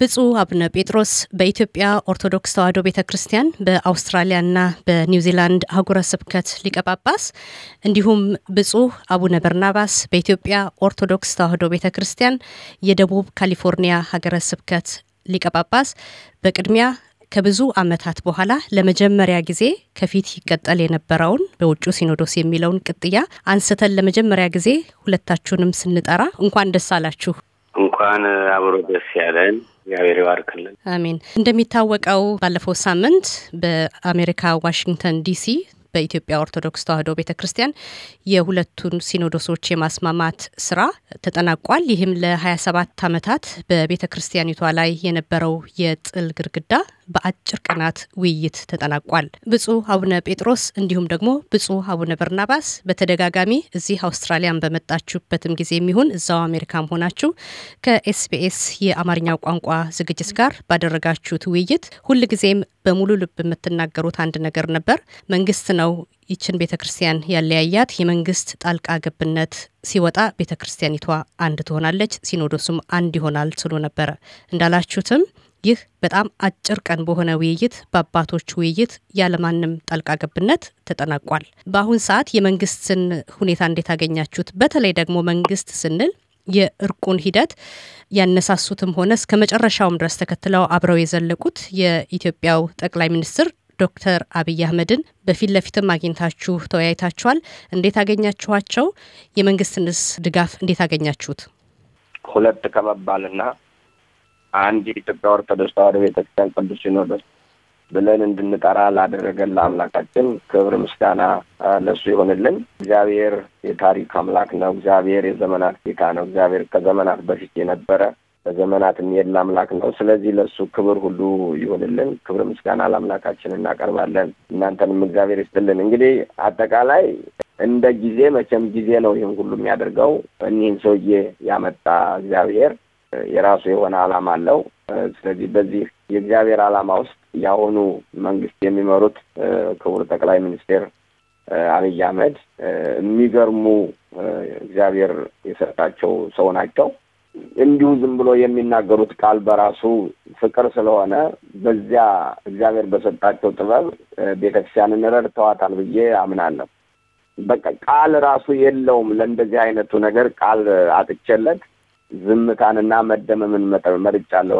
ብፁዕ አቡነ ጴጥሮስ በኢትዮጵያ ኦርቶዶክስ ተዋሕዶ ቤተ ክርስቲያን በአውስትራሊያና በኒውዚላንድ አህጉረ ስብከት ሊቀጳጳስ እንዲሁም ብፁዕ አቡነ በርናባስ በኢትዮጵያ ኦርቶዶክስ ተዋሕዶ ቤተ ክርስቲያን የደቡብ ካሊፎርኒያ ሀገረ ስብከት ሊቀጳጳስ በቅድሚያ ከብዙ ዓመታት በኋላ ለመጀመሪያ ጊዜ ከፊት ይቀጠል የነበረውን በውጩ ሲኖዶስ የሚለውን ቅጥያ አንስተን ለመጀመሪያ ጊዜ ሁለታችሁንም ስንጠራ እንኳን ደስ አላችሁ። እንኳን አብሮ ደስ ያለን። እግዚአብሔር ይባርክልን። አሜን። እንደሚታወቀው ባለፈው ሳምንት በአሜሪካ ዋሽንግተን ዲሲ በኢትዮጵያ ኦርቶዶክስ ተዋሕዶ ቤተ ክርስቲያን የሁለቱን ሲኖዶሶች የማስማማት ስራ ተጠናቋል። ይህም ለ27 ዓመታት በቤተ ክርስቲያኒቷ ላይ የነበረው የጥል ግድግዳ በአጭር ቀናት ውይይት ተጠናቋል። ብፁዕ አቡነ ጴጥሮስ እንዲሁም ደግሞ ብፁዕ አቡነ በርናባስ በተደጋጋሚ እዚህ አውስትራሊያን በመጣችሁበትም ጊዜ የሚሆን እዛው አሜሪካም ሆናችሁ ከኤስቢኤስ የአማርኛው ቋንቋ ዝግጅት ጋር ባደረጋችሁት ውይይት ሁልጊዜም በሙሉ ልብ የምትናገሩት አንድ ነገር ነበር። መንግስት ነው ይችን ቤተ ክርስቲያን ያለያያት። የመንግስት ጣልቃ ገብነት ሲወጣ ቤተ ክርስቲያኒቷ አንድ ትሆናለች፣ ሲኖዶሱም አንድ ይሆናል ስሉ ነበረ እንዳላችሁትም ይህ በጣም አጭር ቀን በሆነ ውይይት በአባቶች ውይይት ያለማንም ጣልቃ ገብነት ተጠናቋል። በአሁን ሰዓት የመንግስትን ሁኔታ እንዴት አገኛችሁት? በተለይ ደግሞ መንግስት ስንል የእርቁን ሂደት ያነሳሱትም ሆነ እስከ መጨረሻውም ድረስ ተከትለው አብረው የዘለቁት የኢትዮጵያው ጠቅላይ ሚኒስትር ዶክተር አብይ አህመድን በፊት ለፊትም አግኝታችሁ ተወያይታችኋል። እንዴት አገኛችኋቸው? የመንግስትንስ ድጋፍ እንዴት አገኛችሁት? ሁለት ከመባልና አንድ የኢትዮጵያ ኦርቶዶክስ ተዋሕዶ ቤተክርስቲያን ቅዱስ ሲኖዶስ ብለን እንድንጠራ ላደረገን ለአምላካችን ክብር ምስጋና ለሱ ይሆንልን። እግዚአብሔር የታሪክ አምላክ ነው። እግዚአብሔር የዘመናት ጌታ ነው። እግዚአብሔር ከዘመናት በፊት የነበረ በዘመናት የሚሄድ አምላክ ነው። ስለዚህ ለሱ ክብር ሁሉ ይሆንልን። ክብር ምስጋና ለአምላካችን እናቀርባለን። እናንተንም እግዚአብሔር ይስጥልን። እንግዲህ አጠቃላይ እንደ ጊዜ መቼም ጊዜ ነው ይህን ሁሉ የሚያደርገው። እኒህን ሰውዬ ያመጣ እግዚአብሔር የራሱ የሆነ ዓላማ አለው። ስለዚህ በዚህ የእግዚአብሔር ዓላማ ውስጥ የአሁኑ መንግስት የሚመሩት ክቡር ጠቅላይ ሚኒስቴር አብይ አህመድ የሚገርሙ እግዚአብሔር የሰጣቸው ሰው ናቸው። እንዲሁ ዝም ብሎ የሚናገሩት ቃል በራሱ ፍቅር ስለሆነ በዚያ እግዚአብሔር በሰጣቸው ጥበብ ቤተክርስቲያንን ረድተዋታል ብዬ አምናለሁ። በቃ ቃል ራሱ የለውም ለእንደዚህ አይነቱ ነገር ቃል አጥቼለት ዝምታንና መደመምን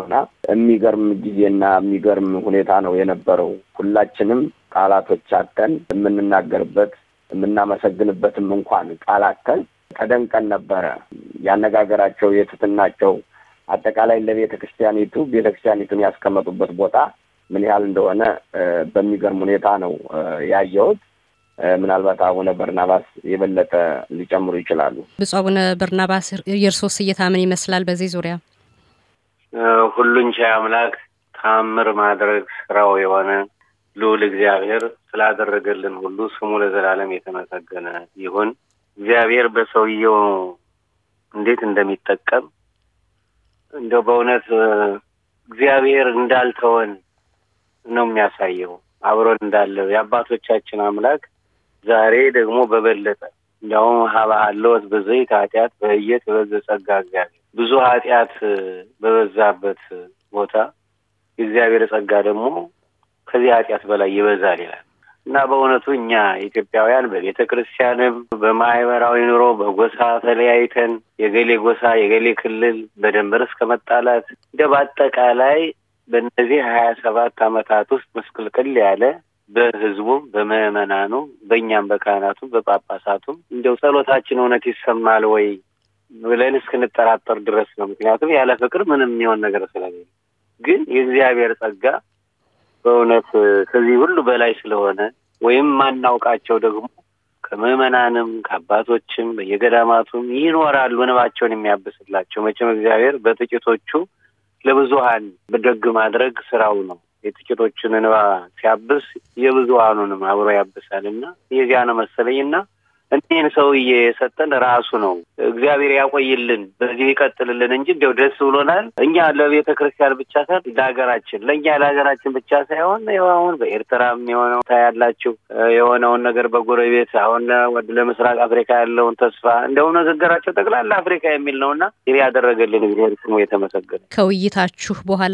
እና የሚገርም ጊዜና የሚገርም ሁኔታ ነው የነበረው። ሁላችንም ቃላቶች አተን የምንናገርበት የምናመሰግንበትም እንኳን ቃላተን ተደንቀን ነበረ። ያነጋገራቸው የትትናቸው አጠቃላይ ለቤተ ክርስቲያኒቱ ቤተ ክርስቲያኒቱን ያስቀመጡበት ቦታ ምን ያህል እንደሆነ በሚገርም ሁኔታ ነው ያየሁት። ምናልባት አቡነ በርናባስ የበለጠ ሊጨምሩ ይችላሉ። ብፁዕ አቡነ በርናባስ የእርሶስ እይታ ምን ይመስላል? በዚህ ዙሪያ ሁሉን ቻይ አምላክ ታምር ማድረግ ስራው የሆነ ልዑል እግዚአብሔር ስላደረገልን ሁሉ ስሙ ለዘላለም የተመሰገነ ይሁን። እግዚአብሔር በሰውየው እንዴት እንደሚጠቀም እንደው በእውነት እግዚአብሔር እንዳልተወን ነው የሚያሳየው አብሮን እንዳለ የአባቶቻችን አምላክ ዛሬ ደግሞ በበለጠ እንዲያውም ሀባሃለወት በዘይት ኃጢአት በእየት በበዘ ጸጋ እግዚአብሔር ብዙ ኃጢአት በበዛበት ቦታ የእግዚአብሔር ጸጋ ደግሞ ከዚህ ኃጢአት በላይ ይበዛል ይላል እና በእውነቱ እኛ ኢትዮጵያውያን በቤተ ክርስቲያንም በማህበራዊ ኑሮ በጎሳ ተለያይተን የገሌ ጎሳ የገሌ ክልል በደንበር እስከ መጣላት እንደ በአጠቃላይ በእነዚህ ሀያ ሰባት አመታት ውስጥ ምስቅልቅል ያለ በህዝቡም በምዕመናኑም በእኛም በካህናቱም በጳጳሳቱም እንደው ጸሎታችን እውነት ይሰማል ወይ ብለን እስክንጠራጠር ድረስ ነው። ምክንያቱም ያለ ፍቅር ምንም የሚሆን ነገር ስለሌለ፣ ግን የእግዚአብሔር ጸጋ በእውነት ከዚህ ሁሉ በላይ ስለሆነ ወይም ማናውቃቸው ደግሞ ከምዕመናንም ከአባቶችም በየገዳማቱም ይኖራሉ እንባቸውን የሚያብስላቸው መቼም እግዚአብሔር በጥቂቶቹ ለብዙሀን በደግ ማድረግ ስራው ነው። የጥቂቶችን እንባ ሲያብስ የብዙሃኑንም አብሮ ያብሳል እና የዚያ ነው መሰለኝ እና እኔን ሰውዬ የሰጠን ራሱ ነው። እግዚአብሔር ያቆይልን፣ በዚህ ይቀጥልልን እንጂ እንዲያው ደስ ብሎናል። እኛ ለቤተ ክርስቲያን ብቻ ሳይሆን ለሀገራችን፣ ለእኛ ለሀገራችን ብቻ ሳይሆን አሁን በኤርትራም የሆነው ታያላችሁ የሆነውን ነገር በጎረቤት አሁን ወደ ለምስራቅ አፍሪካ ያለውን ተስፋ እንደው ንግግራቸው ጠቅላላ አፍሪካ የሚል ነው እና ይህ ያደረገልን እግዚአብሔር ስሙ የተመሰገነ። ከውይይታችሁ በኋላ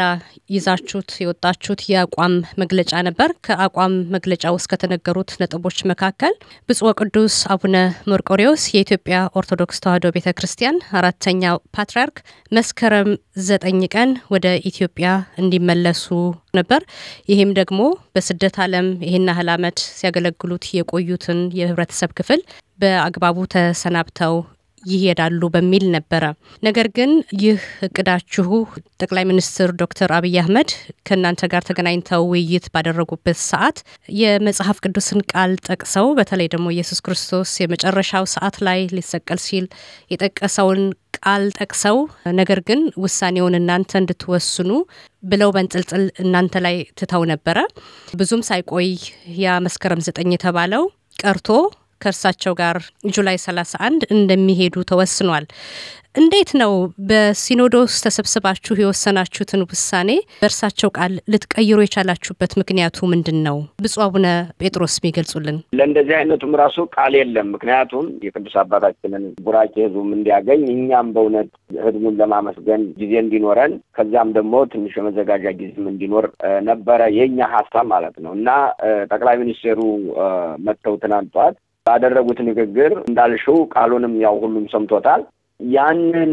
ይዛችሁት የወጣችሁት የአቋም መግለጫ ነበር። ከአቋም መግለጫ ውስጥ ከተነገሩት ነጥቦች መካከል ብፁዕ ቅዱስ አቡነ መርቆሬዎስ የኢትዮጵያ ኦርቶዶክስ ተዋሕዶ ቤተ ክርስቲያን አራተኛው ፓትርያርክ መስከረም ዘጠኝ ቀን ወደ ኢትዮጵያ እንዲመለሱ ነበር። ይህም ደግሞ በስደት ዓለም ይህን ያህል ዓመት ሲያገለግሉት የቆዩትን የህብረተሰብ ክፍል በአግባቡ ተሰናብተው ይሄዳሉ በሚል ነበረ። ነገር ግን ይህ እቅዳችሁ ጠቅላይ ሚኒስትር ዶክተር አብይ አህመድ ከእናንተ ጋር ተገናኝተው ውይይት ባደረጉበት ሰዓት የመጽሐፍ ቅዱስን ቃል ጠቅሰው በተለይ ደግሞ ኢየሱስ ክርስቶስ የመጨረሻው ሰዓት ላይ ሊሰቀል ሲል የጠቀሰውን ቃል ጠቅሰው ነገር ግን ውሳኔውን እናንተ እንድትወስኑ ብለው በንጥልጥል እናንተ ላይ ትተው ነበረ። ብዙም ሳይቆይ ያ መስከረም ዘጠኝ የተባለው ቀርቶ ከእርሳቸው ጋር ጁላይ 31 እንደሚሄዱ ተወስኗል። እንዴት ነው በሲኖዶስ ተሰብስባችሁ የወሰናችሁትን ውሳኔ በእርሳቸው ቃል ልትቀይሩ የቻላችሁበት ምክንያቱ ምንድን ነው? ብፁዕ አቡነ ጴጥሮስ የሚገልጹልን። ለእንደዚህ አይነቱም ራሱ ቃል የለም። ምክንያቱም የቅዱስ አባታችንን ቡራኬ ህዝቡም እንዲያገኝ እኛም በእውነት ህዝቡን ለማመስገን ጊዜ እንዲኖረን ከዚያም ደግሞ ትንሽ የመዘጋጃ ጊዜም እንዲኖር ነበረ የእኛ ሀሳብ ማለት ነው እና ጠቅላይ ሚኒስትሩ መጥተው ትናንት ጠዋት ባደረጉት ንግግር እንዳልሽው ቃሉንም ያው ሁሉም ሰምቶታል። ያንን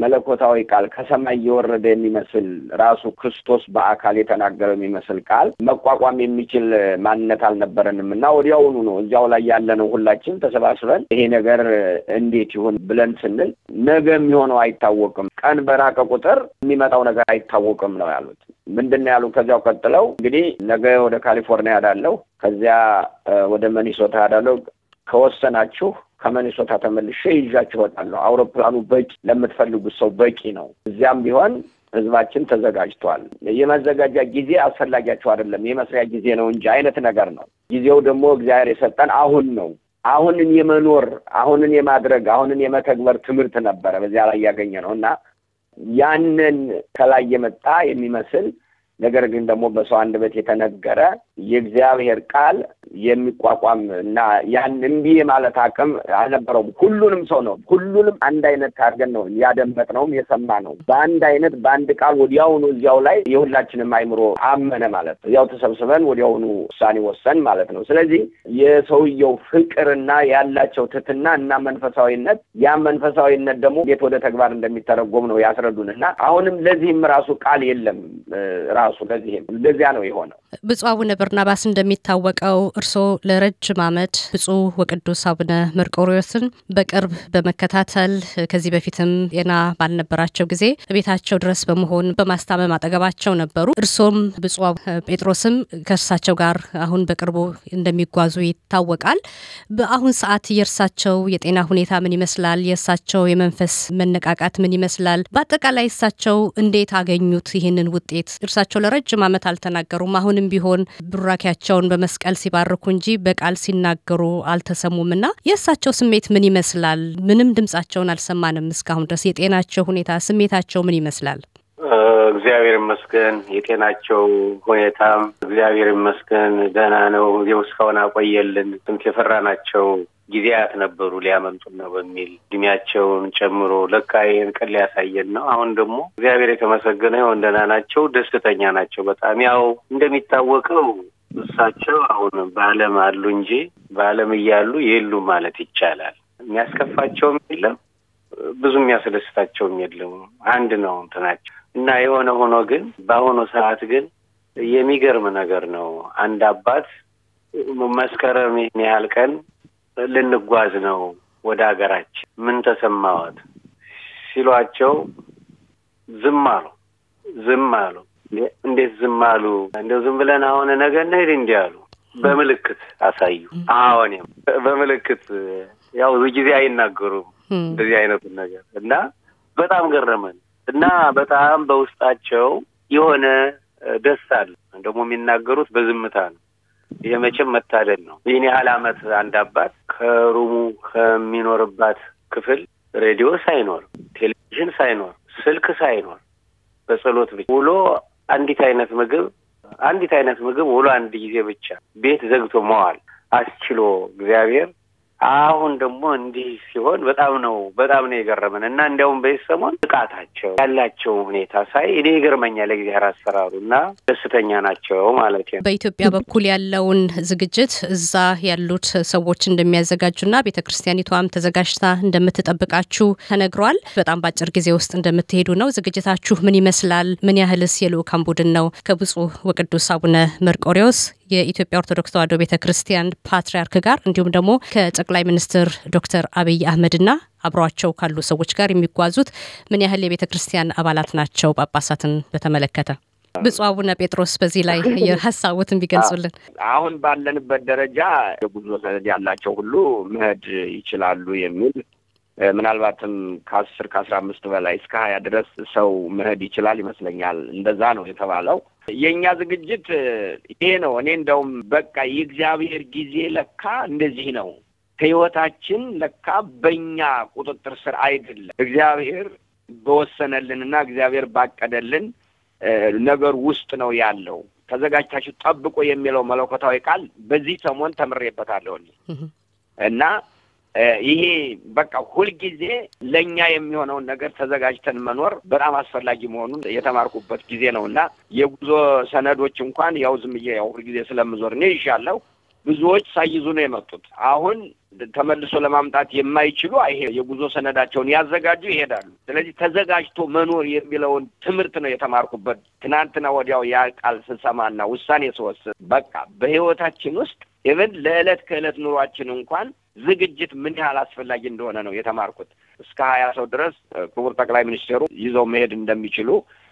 መለኮታዊ ቃል ከሰማይ እየወረደ የሚመስል ራሱ ክርስቶስ በአካል የተናገረው የሚመስል ቃል መቋቋም የሚችል ማንነት አልነበረንም እና ወዲያውኑ ነው እዚያው ላይ ያለነው ሁላችን ተሰባስበን ይሄ ነገር እንዴት ይሆን ብለን ስንል ነገ የሚሆነው አይታወቅም፣ ቀን በራቀ ቁጥር የሚመጣው ነገር አይታወቅም ነው ያሉት። ምንድን ነው ያሉ? ከዚያው ቀጥለው እንግዲህ ነገ ወደ ካሊፎርኒያ እሄዳለሁ፣ ከዚያ ወደ መኒሶታ እሄዳለሁ፣ ከወሰናችሁ ከመኒሶታ ተመልሼ ይዣችሁ እወጣለሁ። አውሮፕላኑ በቂ ለምትፈልጉት ሰው በቂ ነው። እዚያም ቢሆን ህዝባችን ተዘጋጅቷል። የመዘጋጃ ጊዜ አስፈላጊያችሁ አይደለም፣ የመስሪያ ጊዜ ነው እንጂ አይነት ነገር ነው። ጊዜው ደግሞ እግዚአብሔር የሰጠን አሁን ነው። አሁንን የመኖር አሁንን የማድረግ አሁንን የመተግበር ትምህርት ነበረ በዚያ ላይ ያገኘ ነው እና ያንን ከላይ የመጣ የሚመስል ነገር ግን ደግሞ በሰው አንደበት የተነገረ የእግዚአብሔር ቃል የሚቋቋም እና ያን እምቢ ማለት አቅም አልነበረውም። ሁሉንም ሰው ነው። ሁሉንም አንድ አይነት ታርገን ነው ያደመጥ ነውም የሰማ ነው። በአንድ አይነት በአንድ ቃል ወዲያውኑ እዚያው ላይ የሁላችንም አይምሮ አመነ ማለት ነው። እዚያው ተሰብስበን ወዲያውኑ ውሳኔ ወሰን ማለት ነው። ስለዚህ የሰውየው ፍቅርና ያላቸው ትትና እና መንፈሳዊነት ያ መንፈሳዊነት ደግሞ እንዴት ወደ ተግባር እንደሚተረጎም ነው ያስረዱን እና አሁንም ለዚህም ራሱ ቃል የለም ራሱ ለዚህም ለዚያ ነው የሆነው ብፁዕ አቡነ በርናባስ እንደሚታወቀው እርስዎ ለረጅም ዓመት ብፁዕ ወቅዱስ አቡነ መርቆሪዎስን በቅርብ በመከታተል ከዚህ በፊትም ጤና ባልነበራቸው ጊዜ ቤታቸው ድረስ በመሆን በማስታመም አጠገባቸው ነበሩ። እርሶም ብፁዕ ጴጥሮስም ከእርሳቸው ጋር አሁን በቅርቡ እንደሚጓዙ ይታወቃል። በአሁን ሰዓት የእርሳቸው የጤና ሁኔታ ምን ይመስላል? የእርሳቸው የመንፈስ መነቃቃት ምን ይመስላል? በአጠቃላይ እሳቸው እንዴት አገኙት ይህንን ውጤት? እርሳቸው ለረጅም ዓመት አልተናገሩም። አሁንም ቢሆን ቡራኪያቸውን በመስቀል ሲባርኩ እንጂ በቃል ሲናገሩ አልተሰሙምና የእሳቸው ስሜት ምን ይመስላል? ምንም ድምጻቸውን አልሰማንም እስካሁን ድረስ። የጤናቸው ሁኔታ ስሜታቸው ምን ይመስላል? እግዚአብሔር ይመስገን። የጤናቸው ሁኔታም እግዚአብሔር ይመስገን ደህና ነው። እዚው እስካሁን አቆየልን። ስንት የፈራ ናቸው ጊዜያት ነበሩ ሊያመልጡን ነው በሚል እድሜያቸውን ጨምሮ ለካ ይህን ቀን ሊያሳየን ነው። አሁን ደግሞ እግዚአብሔር የተመሰገነ ይሁን ደህና ናቸው፣ ደስተኛ ናቸው። በጣም ያው እንደሚታወቀው እሳቸው አሁን በዓለም አሉ እንጂ በዓለም እያሉ የሉ ማለት ይቻላል። የሚያስከፋቸውም የለም ብዙ የሚያስደስታቸውም የለም። አንድ ነው እንትናቸው እና የሆነ ሆኖ ግን በአሁኑ ሰዓት ግን የሚገርም ነገር ነው አንድ አባት መስከረም ያህል ቀን ልንጓዝ ነው ወደ ሀገራችን ምን ተሰማዎት ሲሏቸው ዝም አሉ። ዝም አሉ። እንዴት ዝም አሉ? እንደ ዝም ብለን አሁን ነገ እንሂድ እንዲህ አሉ። በምልክት አሳዩ። አሁን በምልክት ያው ብዙ ጊዜ አይናገሩም እንደዚህ አይነቱን ነገር እና በጣም ገረመን እና በጣም በውስጣቸው የሆነ ደስ አለ። ደግሞ የሚናገሩት በዝምታ ነው። የመቼም መታደል ነው። ይህን ያህል ዓመት አንድ አባት ከሩሙ ከሚኖርባት ክፍል ሬዲዮ ሳይኖር ቴሌቪዥን ሳይኖር ስልክ ሳይኖር በጸሎት ብቻ ውሎ አንዲት አይነት ምግብ አንዲት አይነት ምግብ ውሎ አንድ ጊዜ ብቻ ቤት ዘግቶ መዋል አስችሎ እግዚአብሔር አሁን ደግሞ እንዲህ ሲሆን በጣም ነው በጣም ነው የገረመን እና እንዲያውም በዚህ ሰሞን ብቃታቸው ያላቸው ሁኔታ ሳይ እኔ ይገርመኛል እግዚአብሔር አሰራሩ እና ደስተኛ ናቸው ማለት ነው። በኢትዮጵያ በኩል ያለውን ዝግጅት እዛ ያሉት ሰዎች እንደሚያዘጋጁና ቤተ ክርስቲያኒቷም ተዘጋጅታ እንደምትጠብቃችሁ ተነግሯል። በጣም በአጭር ጊዜ ውስጥ እንደምትሄዱ ነው። ዝግጅታችሁ ምን ይመስላል? ምን ያህልስ የልዑካን ቡድን ነው? ከብፁዕ ወቅዱስ አቡነ መርቆሪዎስ የኢትዮጵያ ኦርቶዶክስ ተዋህዶ ቤተ ክርስቲያን ፓትርያርክ ጋር እንዲሁም ደግሞ ከጠቅላይ ሚኒስትር ዶክተር አብይ አህመድና አብረቸው ካሉ ሰዎች ጋር የሚጓዙት ምን ያህል የቤተ ክርስቲያን አባላት ናቸው? ጳጳሳትን በተመለከተ ብፁዕ አቡነ ጴጥሮስ በዚህ ላይ ሀሳቡት ቢገልጹልን። አሁን ባለንበት ደረጃ የጉዞ ሰነድ ያላቸው ሁሉ መሄድ ይችላሉ የሚል ምናልባትም ከአስር ከአስራ አምስት በላይ እስከ ሀያ ድረስ ሰው መሄድ ይችላል ይመስለኛል። እንደዛ ነው የተባለው። የእኛ ዝግጅት ይሄ ነው። እኔ እንደውም በቃ የእግዚአብሔር ጊዜ ለካ እንደዚህ ነው። ህይወታችን ለካ በእኛ ቁጥጥር ስር አይደለም። እግዚአብሔር በወሰነልንና እግዚአብሔር ባቀደልን ነገር ውስጥ ነው ያለው። ተዘጋጅታችሁ ጠብቆ የሚለው መለኮታዊ ቃል በዚህ ሰሞን ተምሬበታለሁ እና ይሄ በቃ ሁልጊዜ ለእኛ የሚሆነውን ነገር ተዘጋጅተን መኖር በጣም አስፈላጊ መሆኑን የተማርኩበት ጊዜ ነው እና የጉዞ ሰነዶች እንኳን ያው ዝምዬ ያው ሁልጊዜ ስለምዞር እኔ ይሻለሁ ብዙዎች ሳይዙ ነው የመጡት። አሁን ተመልሶ ለማምጣት የማይችሉ ይሄ የጉዞ ሰነዳቸውን ያዘጋጁ ይሄዳሉ። ስለዚህ ተዘጋጅቶ መኖር የሚለውን ትምህርት ነው የተማርኩበት። ትናንትና ወዲያው ያ ቃል ስሰማና ውሳኔ ስወስድ በቃ በህይወታችን ውስጥ ኢቨን ለዕለት ከዕለት ኑሯችን እንኳን ዝግጅት ምን ያህል አስፈላጊ እንደሆነ ነው የተማርኩት። እስከ ሀያ ሰው ድረስ ክቡር ጠቅላይ ሚኒስትሩ ይዘው መሄድ እንደሚችሉ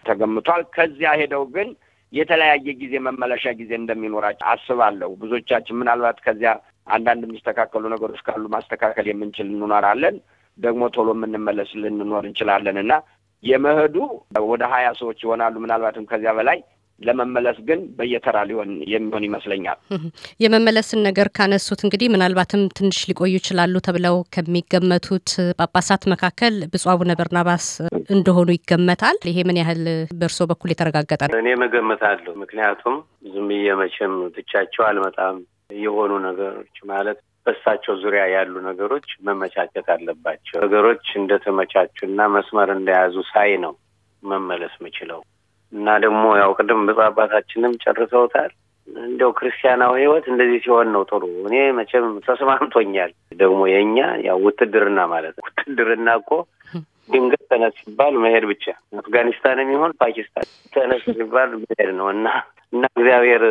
ተገምቷል። ከዚያ ሄደው ግን የተለያየ ጊዜ መመለሻ ጊዜ እንደሚኖራቸው አስባለሁ። ብዙዎቻችን ምናልባት ከዚያ አንዳንድ የሚስተካከሉ ነገሮች ካሉ ማስተካከል የምንችል እንኖራለን፣ ደግሞ ቶሎ የምንመለስ ልንኖር እንችላለን እና የመሄዱ ወደ ሀያ ሰዎች ይሆናሉ ምናልባትም ከዚያ በላይ ለመመለስ ግን በየተራ ሊሆን የሚሆን ይመስለኛል። የመመለስን ነገር ካነሱት እንግዲህ ምናልባትም ትንሽ ሊቆዩ ይችላሉ ተብለው ከሚገመቱት ጳጳሳት መካከል ብፁዕ አቡነ በርናባስ እንደሆኑ ይገመታል። ይሄ ምን ያህል በእርሶ በኩል የተረጋገጠ ነው? እኔ መገመታለሁ። ምክንያቱም ዝም ብዬ መቼም ትቻቸው አልመጣም። የሆኑ ነገሮች ማለት በሳቸው ዙሪያ ያሉ ነገሮች መመቻቸት አለባቸው። ነገሮች እንደተመቻቹና መስመር እንደያዙ ሳይ ነው መመለስ ምችለው እና ደግሞ ያው ቅድም ብፁዕ አባታችንም ጨርሰውታል። እንደው ክርስቲያናዊ ህይወት እንደዚህ ሲሆን ነው ጥሩ። እኔ መቼም ተስማምቶኛል። ደግሞ የእኛ ያው ውትድርና ማለት ነው። ውትድርና እኮ ድንገት ተነስ ሲባል መሄድ ብቻ አፍጋኒስታን የሚሆን ፓኪስታን ተነስ ሲባል መሄድ ነው እና እና እግዚአብሔር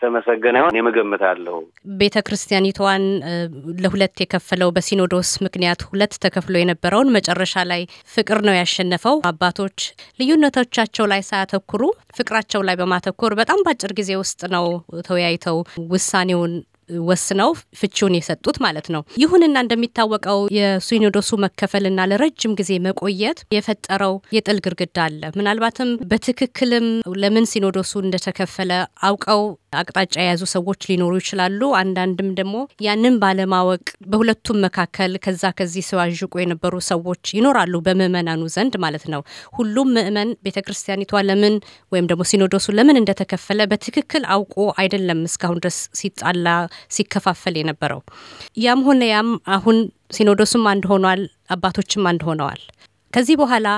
ተመሰገነ ይሆን የመገምት ቤተ ክርስቲያኒቷን ለሁለት የከፈለው በሲኖዶስ ምክንያት ሁለት ተከፍሎ የነበረውን መጨረሻ ላይ ፍቅር ነው ያሸነፈው። አባቶች ልዩነቶቻቸው ላይ ሳያተኩሩ ፍቅራቸው ላይ በማተኮር በጣም በአጭር ጊዜ ውስጥ ነው ተወያይተው ውሳኔውን ወስነው ፍቺውን የሰጡት ማለት ነው። ይሁንና እንደሚታወቀው የሲኖዶሱ መከፈልና ለረጅም ጊዜ መቆየት የፈጠረው የጥል ግርግዳ አለ። ምናልባትም በትክክልም ለምን ሲኖዶሱ እንደተከፈለ አውቀው አቅጣጫ የያዙ ሰዎች ሊኖሩ ይችላሉ። አንዳንድም ደግሞ ያንን ባለማወቅ በሁለቱም መካከል ከዛ ከዚህ ሲዋዥቁ የነበሩ ሰዎች ይኖራሉ፣ በምእመናኑ ዘንድ ማለት ነው። ሁሉም ምእመን ቤተ ክርስቲያኒቷ ለምን ወይም ደግሞ ሲኖዶሱ ለምን እንደተከፈለ በትክክል አውቆ አይደለም እስካሁን ድረስ ሲጣላ ሲከፋፈል የነበረው። ያም ሆነ ያም አሁን ሲኖዶሱም አንድ ሆኗል፣ አባቶችም አንድ ሆነዋል። ከዚህ በኋላ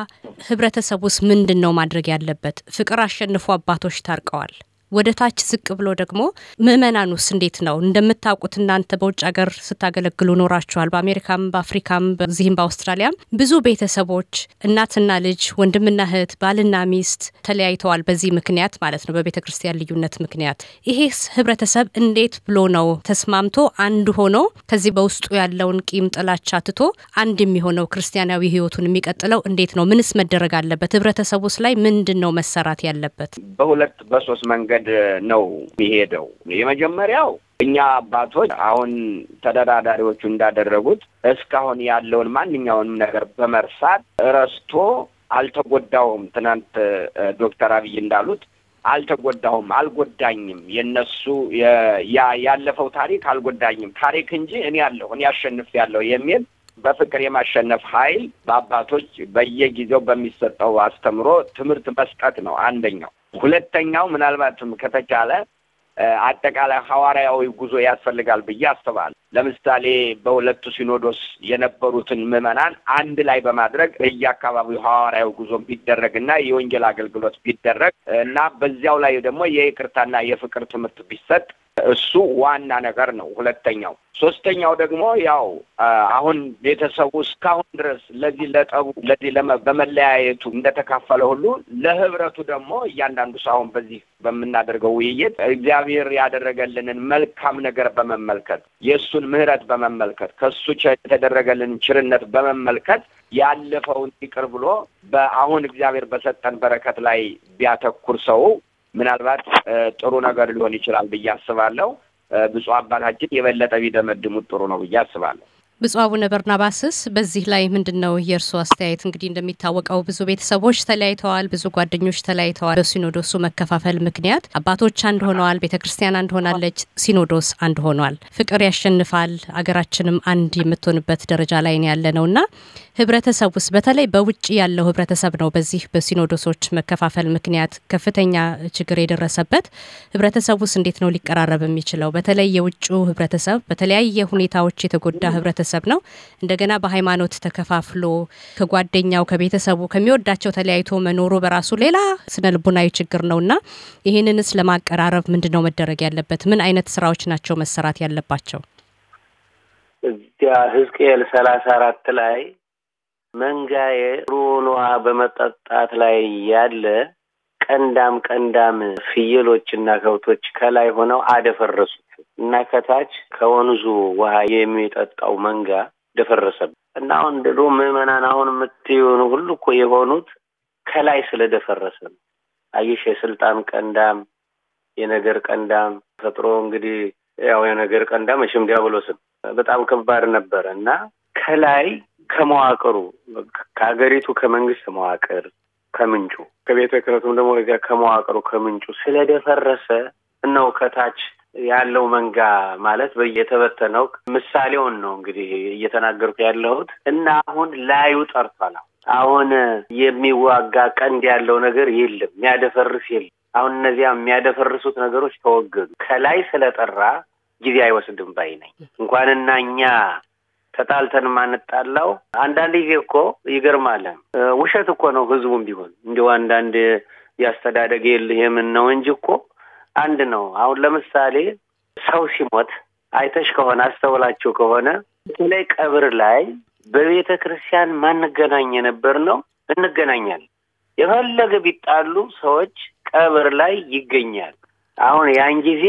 ህብረተሰቡስ ምንድን ነው ማድረግ ያለበት? ፍቅር አሸንፎ አባቶች ታርቀዋል። ወደ ታች ዝቅ ብሎ ደግሞ ምእመናኑስ እንዴት ነው? እንደምታውቁት እናንተ በውጭ ሀገር ስታገለግሉ ኖራችኋል። በአሜሪካም፣ በአፍሪካም፣ በዚህም በአውስትራሊያም ብዙ ቤተሰቦች እናትና ልጅ፣ ወንድምና እህት፣ ባልና ሚስት ተለያይተዋል። በዚህ ምክንያት ማለት ነው፣ በቤተ ክርስቲያን ልዩነት ምክንያት። ይሄስ ህብረተሰብ እንዴት ብሎ ነው ተስማምቶ አንድ ሆኖ ከዚህ በውስጡ ያለውን ቂም ጥላቻ ትቶ አንድ የሚሆነው ክርስቲያናዊ ህይወቱን የሚቀጥለው እንዴት ነው? ምንስ መደረግ አለበት? ህብረተሰቡስ ላይ ምንድን ነው መሰራት ያለበት? በሁለት በሶስት መንገድ መንገድ ነው የሚሄደው። የመጀመሪያው እኛ አባቶች አሁን ተደራዳሪዎቹ እንዳደረጉት እስካሁን ያለውን ማንኛውንም ነገር በመርሳት ረስቶ አልተጎዳውም። ትናንት ዶክተር አብይ እንዳሉት አልተጎዳሁም፣ አልጎዳኝም። የነሱ ያለፈው ታሪክ አልጎዳኝም ታሪክ እንጂ እኔ ያለሁ እኔ አሸንፍ ያለሁ የሚል በፍቅር የማሸነፍ ኃይል በአባቶች በየጊዜው በሚሰጠው አስተምሮ ትምህርት መስጠት ነው አንደኛው። ሁለተኛው ምናልባትም ከተቻለ አጠቃላይ ሐዋርያዊ ጉዞ ያስፈልጋል ብዬ አስባለሁ። ለምሳሌ በሁለቱ ሲኖዶስ የነበሩትን ምዕመናን አንድ ላይ በማድረግ በየአካባቢው ሐዋርያዊ ጉዞ ቢደረግና የወንጌል አገልግሎት ቢደረግ እና በዚያው ላይ ደግሞ የይቅርታና የፍቅር ትምህርት ቢሰጥ እሱ ዋና ነገር ነው። ሁለተኛው ሶስተኛው ደግሞ ያው አሁን ቤተሰቡ እስካሁን ድረስ ለዚህ ለጠቡ ለዚህ በመለያየቱ እንደተካፈለ ሁሉ ለህብረቱ ደግሞ እያንዳንዱ ሰው አሁን በዚህ በምናደርገው ውይይት እግዚአብሔር ያደረገልንን መልካም ነገር በመመልከት የእሱን ምሕረት በመመልከት ከእሱ የተደረገልን ችርነት በመመልከት ያለፈውን ይቅር ብሎ በአሁን እግዚአብሔር በሰጠን በረከት ላይ ቢያተኩር ሰው ምናልባት ጥሩ ነገር ሊሆን ይችላል ብዬ አስባለሁ። ብፁዕ አባታችን የበለጠ ቢደመድሙት ጥሩ ነው ብዬ አስባለሁ። ብፁዕ አቡነ በርናባስስ በዚህ ላይ ምንድን ነው የእርሱ አስተያየት? እንግዲህ እንደሚታወቀው ብዙ ቤተሰቦች ተለያይተዋል፣ ብዙ ጓደኞች ተለያይተዋል። በሲኖዶሱ መከፋፈል ምክንያት አባቶች አንድ ሆነዋል፣ ቤተ ክርስቲያን አንድ ሆናለች፣ ሲኖዶስ አንድ ሆኗል። ፍቅር ያሸንፋል፣ አገራችንም አንድ የምትሆንበት ደረጃ ላይ ያለ ነው እና ህብረተሰብ ውስጥ በተለይ በውጭ ያለው ህብረተሰብ ነው በዚህ በሲኖዶሶች መከፋፈል ምክንያት ከፍተኛ ችግር የደረሰበት። ህብረተሰብ ውስጥ እንዴት ነው ሊቀራረብ የሚችለው? በተለይ የውጭ ህብረተሰብ በተለያየ ሁኔታዎች የተጎዳ ህብረተሰብ ማህበረሰብ ነው። እንደገና በሃይማኖት ተከፋፍሎ ከጓደኛው ከቤተሰቡ ከሚወዳቸው ተለያይቶ መኖሩ በራሱ ሌላ ስነ ልቡናዊ ችግር እና ይህንንስ ለማቀራረብ ምንድን ነው መደረግ ያለበት? ምን አይነት ስራዎች ናቸው መሰራት ያለባቸው? እዚያ ህዝቅኤል ሰላሳ አራት ላይ መንጋዬ ሩኖ በመጠጣት ላይ ያለ ቀንዳም ቀንዳም ፍየሎችና ከብቶች ከላይ ሆነው አደፈረሱ እና ከታች ከወንዙ ውሃ የሚጠጣው መንጋ ደፈረሰብ እና አሁን ድሮ ምዕመናን አሁን የምትሆኑ ሁሉ እኮ የሆኑት ከላይ ስለደፈረሰ ነው። አየሽ የስልጣን ቀንዳም የነገር ቀንዳም ተፈጥሮ እንግዲህ ያው የነገር ቀንዳም እሽም ዲያብሎስን በጣም ከባድ ነበረ እና ከላይ ከመዋቅሩ ከሀገሪቱ ከመንግስት መዋቅር ከምንጩ ከቤተ ክህነቱም ደግሞ ከመዋቅሩ ከምንጩ ስለደፈረሰ እነው ከታች ያለው መንጋ ማለት በየተበተነው ምሳሌውን ነው እንግዲህ እየተናገርኩ ያለሁት እና አሁን ላዩ ጠርቷል። አሁን የሚዋጋ ቀንድ ያለው ነገር የለም፣ የሚያደፈርስ የለም። አሁን እነዚያ የሚያደፈርሱት ነገሮች ተወገዱ። ከላይ ስለጠራ ጊዜ አይወስድም ባይ ነኝ። እንኳንና እኛ ተጣልተን ማንጣላው አንዳንድ ጊዜ እኮ ይገርማል። ውሸት እኮ ነው ህዝቡም ቢሆን እንዲሁ አንዳንድ ያስተዳደግ የልህ የምን ነው እንጂ እኮ አንድ ነው። አሁን ለምሳሌ ሰው ሲሞት አይተሽ ከሆነ አስተውላችሁ ከሆነ በተለይ ቀብር ላይ በቤተ ክርስቲያን ማንገናኝ የነበር ነው እንገናኛለን። የፈለገ ቢጣሉ ሰዎች ቀብር ላይ ይገኛል። አሁን ያን ጊዜ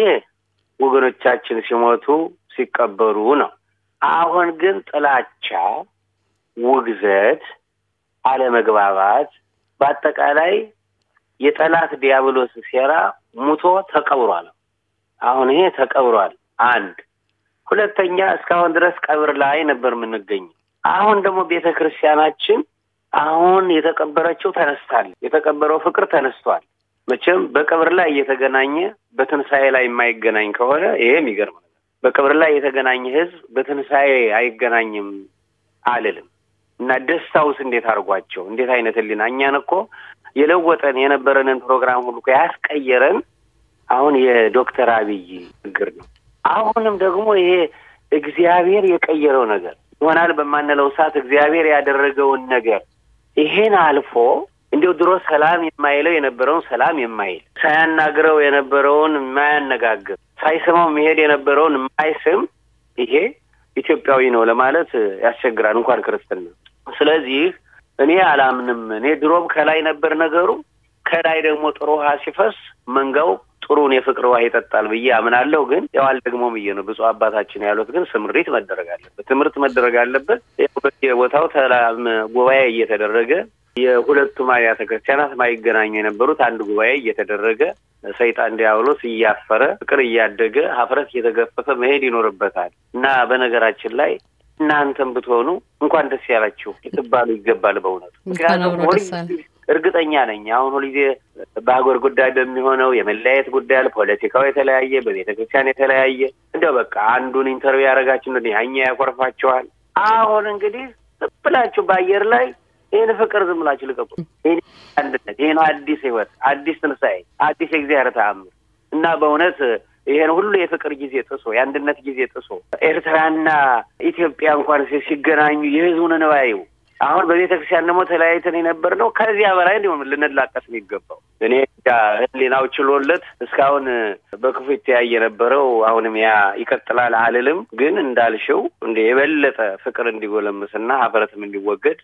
ወገኖቻችን ሲሞቱ ሲቀበሩ ነው። አሁን ግን ጥላቻ፣ ውግዘት፣ አለመግባባት በአጠቃላይ የጠላት ዲያብሎስ ሴራ ሙቶ ተቀብሯል። አሁን ይሄ ተቀብሯል። አንድ ሁለተኛ፣ እስካሁን ድረስ ቀብር ላይ ነበር የምንገኘው። አሁን ደግሞ ቤተ ክርስቲያናችን አሁን የተቀበረችው ተነስታል። የተቀበረው ፍቅር ተነስቷል። መቼም በቀብር ላይ እየተገናኘ በትንሣኤ ላይ የማይገናኝ ከሆነ ይሄ የሚገርም ነገር። በቀብር ላይ የተገናኘ ህዝብ በትንሣኤ አይገናኝም አልልም እና ደስታውስ እንዴት አድርጓቸው እንዴት አይነት ህሊና እኛን እኮ የለወጠን የነበረንን ፕሮግራም ሁሉ ያስቀየረን አሁን የዶክተር አብይ ችግር ነው። አሁንም ደግሞ ይሄ እግዚአብሔር የቀየረው ነገር ይሆናል በማንለው ሰዓት እግዚአብሔር ያደረገውን ነገር ይሄን አልፎ እንዲው ድሮ ሰላም የማይለው የነበረውን ሰላም የማይል ሳያናግረው የነበረውን የማያነጋግር ሳይስመው መሄድ የነበረውን የማይስም ይሄ ኢትዮጵያዊ ነው ለማለት ያስቸግራል፣ እንኳን ክርስትና። ስለዚህ እኔ አላምንም። እኔ ድሮም ከላይ ነበር ነገሩ። ከላይ ደግሞ ጥሩ ውሃ ሲፈስ መንጋው ጥሩን የፍቅር ውሃ ይጠጣል ብዬ አምናለሁ። ግን ያው አልደግሞም ብዬ ነው ብፁዕ አባታችን ያሉት። ግን ስምሪት መደረግ አለበት፣ ትምህርት መደረግ አለበት። በየቦታው ጉባኤ እየተደረገ የሁለቱም አብያተ ክርስቲያናት ማይገናኙ የነበሩት አንድ ጉባኤ እየተደረገ ሰይጣን ዲያብሎስ እያፈረ ፍቅር እያደገ ሀፍረት እየተገፈፈ መሄድ ይኖርበታል እና በነገራችን ላይ እናንተም ብትሆኑ እንኳን ደስ ያላችሁ ልትባሉ ይገባል። በእውነቱ ምክንያቱም እርግጠኛ ነኝ አሁን ሁልጊዜ በአገር ጉዳይ በሚሆነው የመለያየት ጉዳይ ፖለቲካው የተለያየ፣ በቤተ ክርስቲያን የተለያየ እንደው በቃ አንዱን ኢንተርቪው ያደረጋችሁ እንደ ያኛ ያኮርፋችኋል። አሁን እንግዲህ ብላችሁ በአየር ላይ ይህን ፍቅር ዝም ብላችሁ ልቀቁ። አንድነት፣ ይህን አዲስ ህይወት፣ አዲስ ትንሳኤ፣ አዲስ የእግዚአብሔር ተአምር እና በእውነት ይሄን ሁሉ የፍቅር ጊዜ ጥሶ የአንድነት ጊዜ ጥሶ ኤርትራና ኢትዮጵያ እንኳን ሲገናኙ የህዝቡን ነባዩ አሁን በቤተ ክርስቲያን ደግሞ ተለያይተን የነበር ነው። ከዚያ በላይ እንዲሁም ልንላቀስ የሚገባው እኔ ህሊናው ችሎለት እስካሁን በክፉ ይተያየ የነበረው አሁንም ያ ይቀጥላል አልልም፣ ግን እንዳልሽው እንደ የበለጠ ፍቅር እንዲጎለምስና ሀፍረትም እንዲወገድ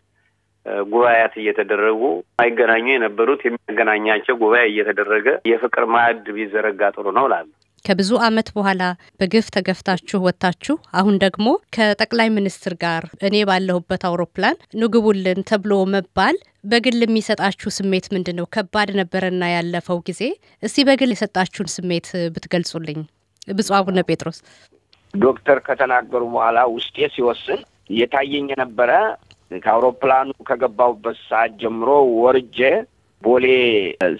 ጉባኤያት እየተደረጉ የማይገናኙ የነበሩት የሚያገናኛቸው ጉባኤ እየተደረገ የፍቅር ማዕድ ቢዘረጋ ጥሩ ነው እላለሁ። ከብዙ ዓመት በኋላ በግፍ ተገፍታችሁ ወጥታችሁ አሁን ደግሞ ከጠቅላይ ሚኒስትር ጋር እኔ ባለሁበት አውሮፕላን ንግቡልን ተብሎ መባል በግል የሚሰጣችሁ ስሜት ምንድን ነው? ከባድ ነበረና ያለፈው ጊዜ። እስቲ በግል የሰጣችሁን ስሜት ብትገልጹልኝ። ብፁዕ አቡነ ጴጥሮስ ዶክተር ከተናገሩ በኋላ ውስጤ ሲወስን የታየኝ የነበረ ከአውሮፕላኑ ከገባሁበት ሰዓት ጀምሮ ወርጄ ቦሌ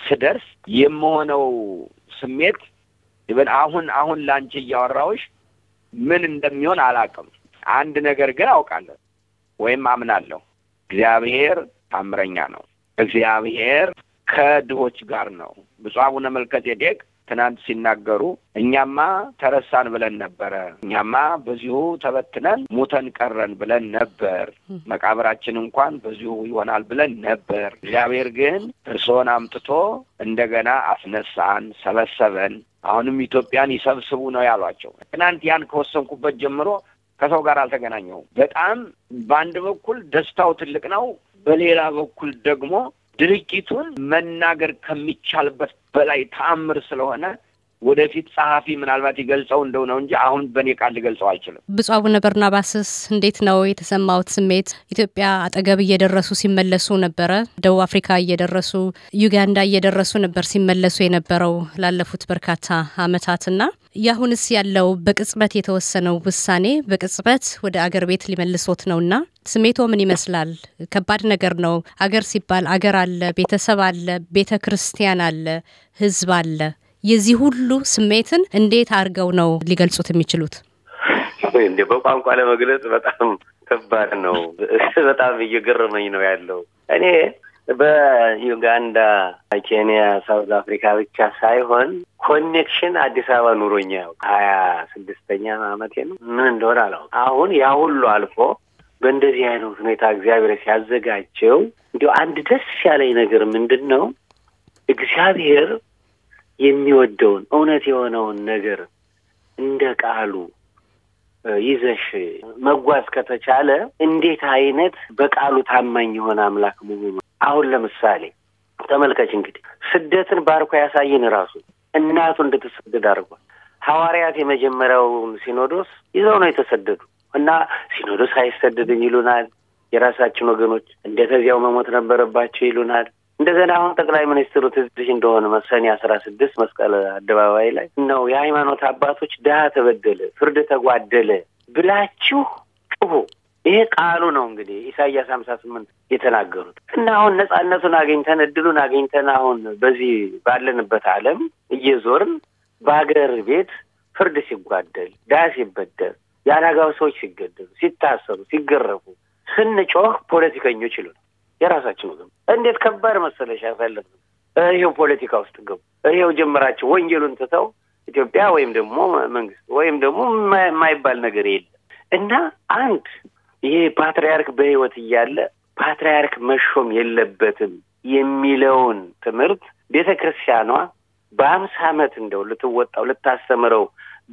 ስደርስ የምሆነው ስሜት ይበል አሁን አሁን ላንቺ እያወራሁሽ ምን እንደሚሆን አላውቅም። አንድ ነገር ግን አውቃለሁ ወይም አምናለሁ። እግዚአብሔር ታምረኛ ነው። እግዚአብሔር ከድሆች ጋር ነው። ብፁዕ አቡነ መልከ ትናንት ሲናገሩ እኛማ ተረሳን ብለን ነበረ፣ እኛማ በዚሁ ተበትነን ሙተን ቀረን ብለን ነበር፣ መቃብራችን እንኳን በዚሁ ይሆናል ብለን ነበር። እግዚአብሔር ግን እርስዎን አምጥቶ እንደገና አስነሳን፣ ሰበሰበን። አሁንም ኢትዮጵያን ይሰብስቡ ነው ያሏቸው። ትናንት ያን ከወሰንኩበት ጀምሮ ከሰው ጋር አልተገናኘሁም። በጣም በአንድ በኩል ደስታው ትልቅ ነው፣ በሌላ በኩል ደግሞ ድርጊቱን መናገር ከሚቻልበት በላይ ተአምር ስለሆነ ወደፊት ጸሐፊ ምናልባት ይገልጸው እንደው ነው እንጂ አሁን በእኔ ቃል ሊገልጸው አይችልም። ብፁዕ አቡነ በርናባስስ እንዴት ነው የተሰማውት ስሜት? ኢትዮጵያ አጠገብ እየደረሱ ሲመለሱ ነበረ። ደቡብ አፍሪካ እየደረሱ ዩጋንዳ እየደረሱ ነበር ሲመለሱ የነበረው ላለፉት በርካታ ዓመታትና ያሁንስ ያለው በቅጽበት የተወሰነው ውሳኔ በቅጽበት ወደ አገር ቤት ሊመልሶት ነውና ስሜቶ ምን ይመስላል? ከባድ ነገር ነው። አገር ሲባል አገር አለ፣ ቤተሰብ አለ፣ ቤተ ክርስቲያን አለ፣ ህዝብ አለ የዚህ ሁሉ ስሜትን እንዴት አድርገው ነው ሊገልጹት የሚችሉት? እንደ በቋንቋ ለመግለጽ በጣም ከባድ ነው። በጣም እየገረመኝ ነው ያለው እኔ በዩጋንዳ፣ ኬንያ፣ ሳውዝ አፍሪካ ብቻ ሳይሆን ኮኔክሽን አዲስ አበባ ኑሮኛ ሀያ ስድስተኛ አመቴ ነው ምን እንደሆነ አለው። አሁን ያ ሁሉ አልፎ በእንደዚህ አይነት ሁኔታ እግዚአብሔር ሲያዘጋጀው እንዲሁ አንድ ደስ ያለኝ ነገር ምንድን ነው እግዚአብሔር የሚወደውን እውነት የሆነውን ነገር እንደ ቃሉ ይዘሽ መጓዝ ከተቻለ እንዴት አይነት በቃሉ ታማኝ የሆነ አምላክ መሆኑ አሁን ለምሳሌ ተመልከች እንግዲህ ስደትን ባርኮ ያሳየን ራሱ እናቱ እንድትሰደድ አድርጓል። ሐዋርያት የመጀመሪያውን ሲኖዶስ ይዘው ነው የተሰደዱ እና ሲኖዶስ አይሰደድን ይሉናል። የራሳችን ወገኖች እንደተዚያው መሞት ነበረባቸው ይሉናል። እንደገና አሁን ጠቅላይ ሚኒስትሩ ትዝሽ እንደሆነ መሰኔ አስራ ስድስት መስቀል አደባባይ ላይ ነው የሃይማኖት አባቶች ድሀ ተበደለ፣ ፍርድ ተጓደለ ብላችሁ ጩሁ። ይሄ ቃሉ ነው እንግዲህ ኢሳያስ ሀምሳ ስምንት የተናገሩት እና አሁን ነጻነቱን አግኝተን እድሉን አግኝተን አሁን በዚህ ባለንበት ዓለም እየዞርን በሀገር ቤት ፍርድ ሲጓደል፣ ድሀ ሲበደል፣ ያላጋው ሰዎች ሲገደሉ፣ ሲታሰሩ፣ ሲገረፉ ስንጮህ ፖለቲከኞች ይሉናል። የራሳቸው ምግብ እንዴት ከባድ መሰለሽ ያሳለፍ ይሄው ፖለቲካ ውስጥ ገቡ። ይሄው ጀምራቸው ወንጀሉን ትተው ኢትዮጵያ ወይም ደግሞ መንግስት ወይም ደግሞ የማይባል ነገር የለም እና አንድ ይሄ ፓትሪያርክ በህይወት እያለ ፓትሪያርክ መሾም የለበትም የሚለውን ትምህርት ቤተ ክርስቲያኗ በአምሳ ዓመት እንደው ልትወጣው ልታስተምረው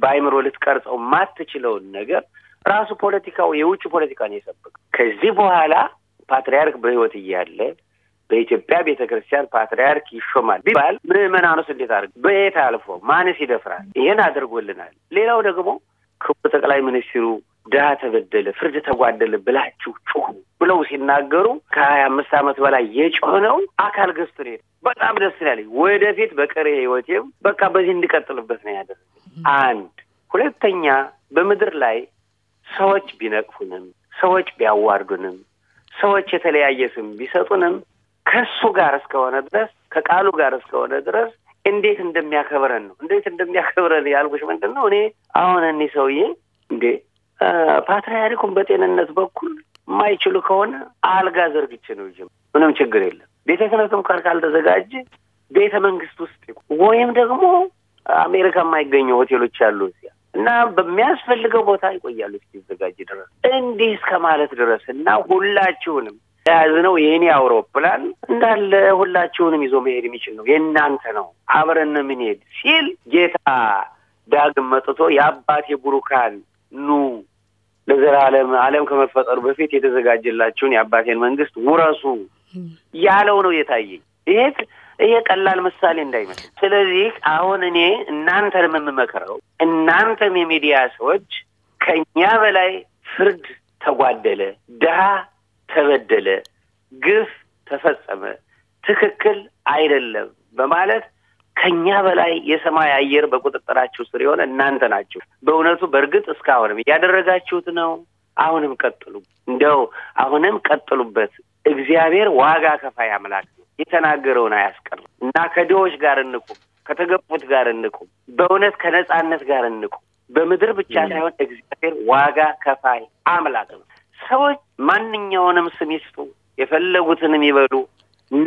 በአይምሮ ልትቀርጸው ማትችለውን ነገር ራሱ ፖለቲካው የውጭ ፖለቲካ ነው ከዚህ በኋላ ፓትርያርክ በህይወት እያለ በኢትዮጵያ ቤተ ክርስቲያን ፓትርያርክ ይሾማል ቢባል ምዕመናኑስ እንዴት አድርግ በየት አልፎ ማንስ ይደፍራል? ይህን አድርጎልናል። ሌላው ደግሞ ክቡር ጠቅላይ ሚኒስትሩ ድሀ ተበደለ፣ ፍርድ ተጓደለ ብላችሁ ጩሁ ብለው ሲናገሩ ከሀያ አምስት ዓመት በላይ የጮህነው አካል ገዝቶ ነው። በጣም ደስ ያለኝ። ወደፊት በቀሪ ህይወቴም በቃ በዚህ እንድቀጥልበት ነው ያደረገ። አንድ ሁለተኛ፣ በምድር ላይ ሰዎች ቢነቅፉንም ሰዎች ቢያዋርዱንም ሰዎች የተለያየ ስም ቢሰጡንም ከእሱ ጋር እስከሆነ ድረስ ከቃሉ ጋር እስከሆነ ድረስ እንዴት እንደሚያከብረን ነው። እንዴት እንደሚያከብረን ያልኩሽ ምንድን ነው እኔ አሁን እኒህ ሰውዬ እንዴ ፓትርያርኩን በጤንነት በኩል የማይችሉ ከሆነ አልጋ ዘርግቼ ነው ይዤ ምንም ችግር የለም። ቤተ ክህነት ካል ካልተዘጋጀ ቤተ መንግስት ውስጥ ወይም ደግሞ አሜሪካ የማይገኙ ሆቴሎች ያሉ እዚያ እና በሚያስፈልገው ቦታ ይቆያሉ እስኪዘጋጅ ድረስ እንዲህ እስከ ማለት ድረስ እና ሁላችሁንም የያዝነው የእኔ አውሮፕላን እንዳለ ሁላችሁንም ይዞ መሄድ የሚችል ነው፣ የእናንተ ነው፣ አብረን ምንሄድ ሲል ጌታ ዳግም መጥቶ የአባቴ ቡሩካን ኑ ለዘላለም ዓለም ከመፈጠሩ በፊት የተዘጋጀላችሁን የአባቴን መንግስት ውረሱ ያለው ነው የታየኝ ይሄት ይሄ ቀላል ምሳሌ እንዳይመስል። ስለዚህ አሁን እኔ እናንተንም የምመክረው እናንተም የሚዲያ ሰዎች ከእኛ በላይ ፍርድ ተጓደለ፣ ድሃ ተበደለ፣ ግፍ ተፈጸመ፣ ትክክል አይደለም በማለት ከኛ በላይ የሰማይ አየር በቁጥጥራችሁ ስር የሆነ እናንተ ናችሁ። በእውነቱ በእርግጥ እስካሁንም እያደረጋችሁት ነው። አሁንም ቀጥሉ፣ እንደው አሁንም ቀጥሉበት። እግዚአብሔር ዋጋ ከፋይ አምላክ የተናገረውን አያስቀርም እና ከድሆች ጋር እንቁም፣ ከተገፉት ጋር እንቁም፣ በእውነት ከነጻነት ጋር እንቁም። በምድር ብቻ ሳይሆን እግዚአብሔር ዋጋ ከፋይ አምላክ ነው። ሰዎች ማንኛውንም ስም ይስጡ፣ የፈለጉትንም ይበሉ፣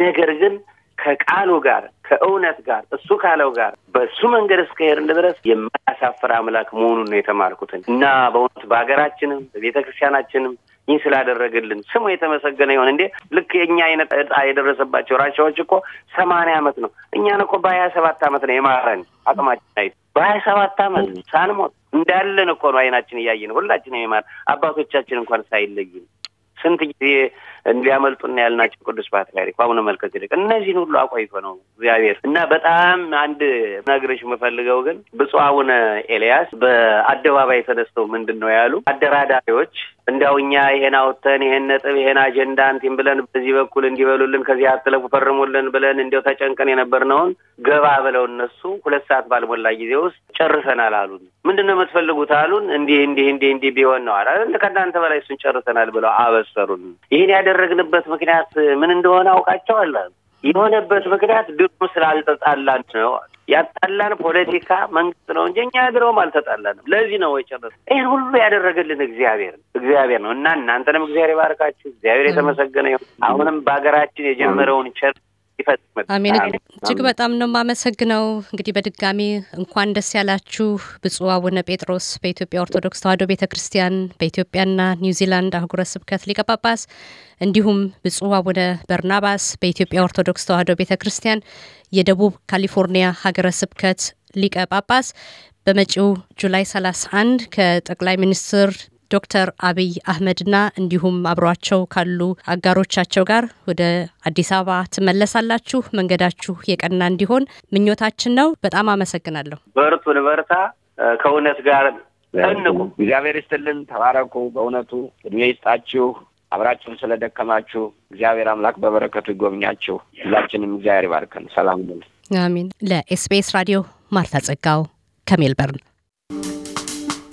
ነገር ግን ከቃሉ ጋር ከእውነት ጋር እሱ ካለው ጋር በእሱ መንገድ እስከሄድን ድረስ የማያሳፍር አምላክ መሆኑን ነው የተማርኩትን እና በእውነት በሀገራችንም በቤተ ክርስቲያናችንም ይህ ስላደረገልን ስሙ የተመሰገነ ይሆን እንዴ። ልክ የእኛ አይነት እጣ የደረሰባቸው ራሻዎች እኮ ሰማንያ አመት ነው። እኛን እኮ በሀያ ሰባት አመት ነው የማረን አቅማችን አይ በሀያ ሰባት አመት ሳንሞት እንዳለን እኮ ነው አይናችን እያየን ሁላችን የማር አባቶቻችን እንኳን ሳይለይን ስንት ጊዜ እንዲያመልጡና ያልናቸው ቅዱስ ፓትርያርኩ አቡነ መልከ ጼዴቅ እነዚህን ሁሉ አቆይቶ ነው እግዚአብሔር እና በጣም አንድ ነግርሽ የምፈልገው ግን ብፁዕ አቡነ ኤልያስ በአደባባይ ተነስተው ምንድን ነው ያሉ አደራዳሪዎች እንዲያው እኛ ይሄን አውጥተን ይሄን ነጥብ ይሄን አጀንዳ እንትን ብለን በዚህ በኩል እንዲበሉልን ከዚህ አትለፉ ፈርሙልን ብለን እንዲያው ተጨንቀን የነበርነውን ገባ ብለው እነሱ ሁለት ሰዓት ባልሞላ ጊዜ ውስጥ ጨርሰናል አሉን። ምንድን ነው የምትፈልጉት አሉን። እንዲህ እንዲህ እንዲህ እንዲህ ቢሆን ነው አላ ከእናንተ በላይ እሱን ጨርሰናል ብለው አበሰሩን። ይህን ያደ ያደረግንበት ምክንያት ምን እንደሆነ አውቃቸዋለሁ። የሆነበት ምክንያት ድሮ ስላልተጣላን ነው። ያጣላን ፖለቲካ መንግስት ነው እንጂ እኛ ድሮም አልተጣላንም። ለዚህ ነው የጨረሱ ይህን ሁሉ ያደረገልን እግዚአብሔር እግዚአብሔር ነው እና እናንተንም እግዚአብሔር ይባርካችሁ። እግዚአብሔር የተመሰገነ ይሁን። አሁንም በሀገራችን የጀመረውን ቸር አሜን፣ እጅግ በጣም ነው የማመሰግነው። እንግዲህ በድጋሚ እንኳን ደስ ያላችሁ ብፁዕ አቡነ ጴጥሮስ በኢትዮጵያ ኦርቶዶክስ ተዋሕዶ ቤተ ክርስቲያን በኢትዮጵያና ኒውዚላንድ አህጉረ ስብከት ሊቀ ጳጳስ፣ እንዲሁም ብፁዕ አቡነ በርናባስ በኢትዮጵያ ኦርቶዶክስ ተዋሕዶ ቤተ ክርስቲያን የደቡብ ካሊፎርኒያ ሀገረ ስብከት ሊቀ ጳጳስ በመጪው ጁላይ 31 ከጠቅላይ ሚኒስትር ዶክተር አብይ አህመድና እንዲሁም አብሯቸው ካሉ አጋሮቻቸው ጋር ወደ አዲስ አበባ ትመለሳላችሁ። መንገዳችሁ የቀና እንዲሆን ምኞታችን ነው። በጣም አመሰግናለሁ። በርቱ፣ ንበርታ ከእውነት ጋር ጠንቁ። እግዚአብሔር ይስጥልን። ተባረኩ። በእውነቱ እድሜ ይስጣችሁ። አብራችሁን ስለደከማችሁ እግዚአብሔር አምላክ በበረከቱ ይጎብኛችሁ። ሁላችንም እግዚአብሔር ይባርከን። ሰላም። አሚን። ለኤስቢኤስ ራዲዮ ማርታ ጸጋው ከሜልበርን